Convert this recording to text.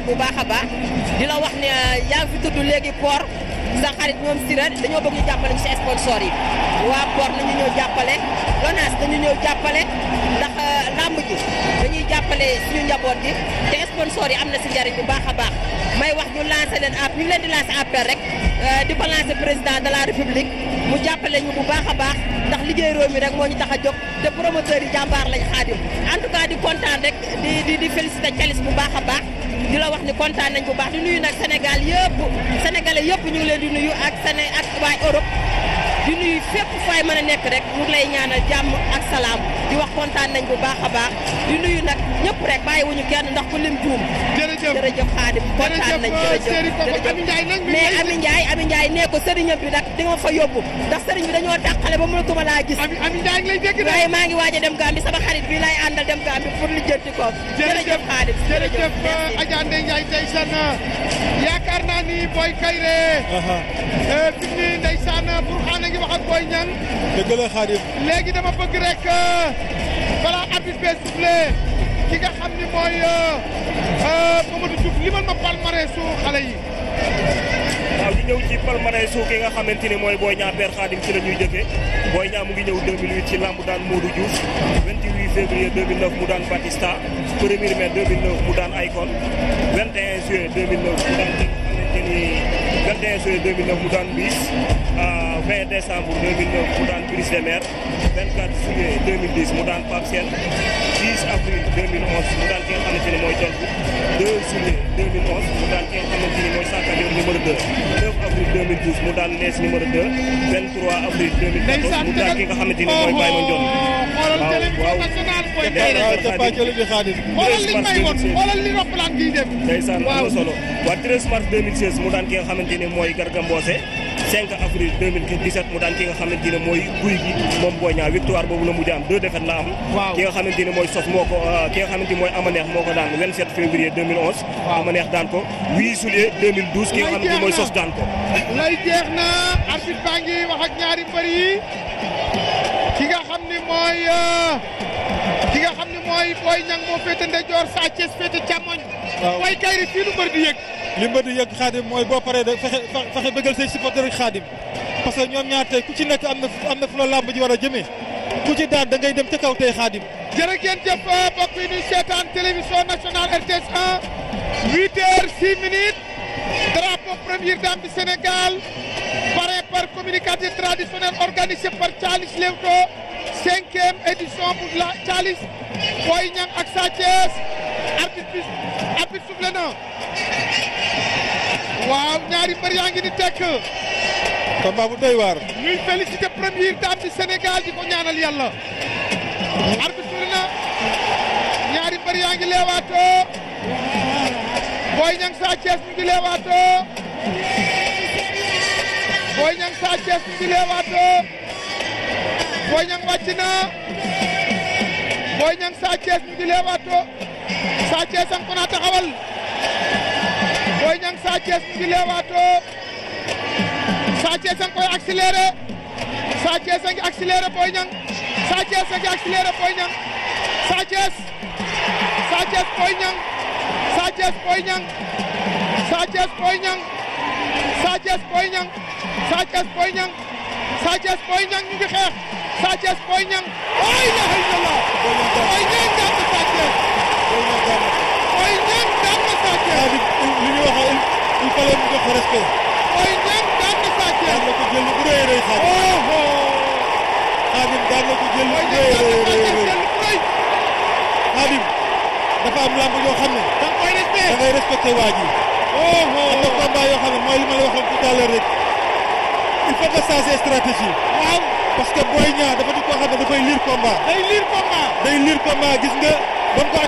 bu baax a baax di la wax ne euh, yaa ngi fi tudd léegi port sa xarit ñoom sira dañoo bëgg ñu jàppale ci sponsor yi waa port nañu ñëw jàppale LONASE dañu ñëw jàppale ndax euh, làmb ji dañuy jàppale suñu njaboot gi te sponsor yi am na si njariñ bu baax a baax may wax ñu lancé leen app ñu ngi leen di lancé appel rek euh, di ko lancé président de la république mu jàppale ñu bu baax a baax ndax liggéey réew mi rek moo ñu tax a jóg te promoteurs yi jàmbaar lañ xaadim en tout cas di kontaan rek di di di bu baax a baax di la wax ni kontaan nañ bu baax di nuyu nag Sénégal yëpp sénégalais yëpp ñu ngi leen di nuyu ak Séné ak waa Europe di nuyu fépp fooy mën a nekk rek mu ngi lay ñaanal jàmm ak salaam di wax kontaan nañ bu baax a baax di nuyu nag ñëpp rek bàyyi wuñu kenn ndax ku lim juum. jërëjëf jërëjëf Xaadim kontaan nañ jërëjëf jërëjëf mais Ami Ndiaye Ami Ndiaye nee ko sëriñam bi nag di nga fa yóbbu ndax sëriñ bi dañoo dàqale ba mënatuma laa gis. Ami Ami Ndiaye lay dégg waaye maa ngi waaj a dem Gàmbi sama xarit bi lay àndal dem Gàmbi pour li jënti ko jërëjëf Xaadim jërëjëf Adja Ndeye Ndiaye tey seen yaakaar naa ni Boy Kayre euh, fi mu nii ndeysaan pour xaana ngi wax ak Boy Niang dëgg Xaadim léegi dama bëgg rek euh, balaa arbitre bee soufflé ki nga xam ni mooy euh, Mamadou Diouf limal ma palmarès su xale yi waaw ñu ñëw ci palmarès su ki nga xamante ni mooy Boy Niang père Khadim ci la ñuy jëfee Boy mu ngi ñëw 2008 ci lamb daan Modou Diouf 28 février 2009 mu daan Batista 1er mai 2009 mu daan ay 21 juillet 2009 15 juillet 2009 mu daan Miss 20 décembre 2009 mu daan Brise de Mer 24 juillet 2010 mu daan Pape Sène 10 avril 2011 mu daan ki nga xamante ni mooy Jolfu 2 juillet 2011 mu daan ki nga xamante ni mooy Sakajoor numéro 2 9 avril 2012 mu daan Lees numéro 2 23 avril 2014 mu daan ki nga xamante ni mooy Baye Mandione waaw waaw. ak liy def. ndeysaan am na solo waaw 13 mars mu daan ki nga xamante ne mooy Garga avril mu daan ki nga xamante ne mooy guy gi moom boobu la mujj am deux défaites la am. ki nga xamante ne mooy Sof moo ko euh, ki nga xamante mooy Amaneex moo ko daan 27 février Amaneex daan ko 8 ki nga xamante mooy Sof daan ko. lay jeex na arbitre baa ngi wax ak ñaari mbër ki nga xam ni mooy. Euh, mooy Boy Niang moo féete ndeyjoor Sa Thiès féete càmmoñ. waaw Boy Kaïré fii lu yëg. li mbër yëg xaadim mooy boo paree da fexe fexe bëggal say supporter xaadim parce que ñoom ñaar tey ku ci nekk am na am na fu la làmb ji war a jëmee ku ci daan da ngay dem ca kaw tey xaadim. jërë ngeen jëf euh, mbokk yi seetaan télévision nationale RTS 1 huit heures six minutes drapeau première dame du Sénégal paré par communicateur traditionnel organisé par Thialis Leewtoo. cinquième édition pour la Thialis Boy Niang ak Sa Thiès arbitre arbitre soufflé waaw ñaari mbër yaa ngi ni tekk bu doy waar ñuy félicité première dame du Sénégal di ko ñaanal yàlla arbitre soufflé ñaari mbër yaa ngi leewaatoo Boy Niang Sa Thiès ngi leewaatoo Boy Niang Sa Thiès ngi leewaatoo Boy Niang wàcc na Boy Niang Sa Thiès mu ngi leewaato Sa Thiès am ko naa taxawal Boy Niang Sa Thiès mu ngi leewaato Sa Thiès am koy accéléré Sa Thiès a ngi accéléré Boy Niang Sa Thiès a ngi accéléré Boy Niang Sa Thiès Sa Thiès Boy Niang Sa Thiès Boy Niang Sa Thiès Boy Niang Sa Thiès Boy Niang Sa Thiès Boy Niang Sa Thiès Boy Niang ñu ngi xeex Sa Thiès Boy Niang la ilaha illallah Boy Niang daan na Sa Thiès Boy Niang daan na Sa Thiès li ñu wax il fallait mu jox respect Boy Niang daan na Sa Thiès daan na ko jël bu rëy rëy Xaadim Xaadim daan na ko jël bu rëy rëy Xaadim dafa am lamb yoo xam ne da ngay respecté waa ji am na combat yoo xam ne mooy li ma la waxoon tout à l'heure rek il faut que changer stratégie waaw parce que Boy Niang dafa di koo xam ne dafay lire combat. day lire combat day lire combat gis nga.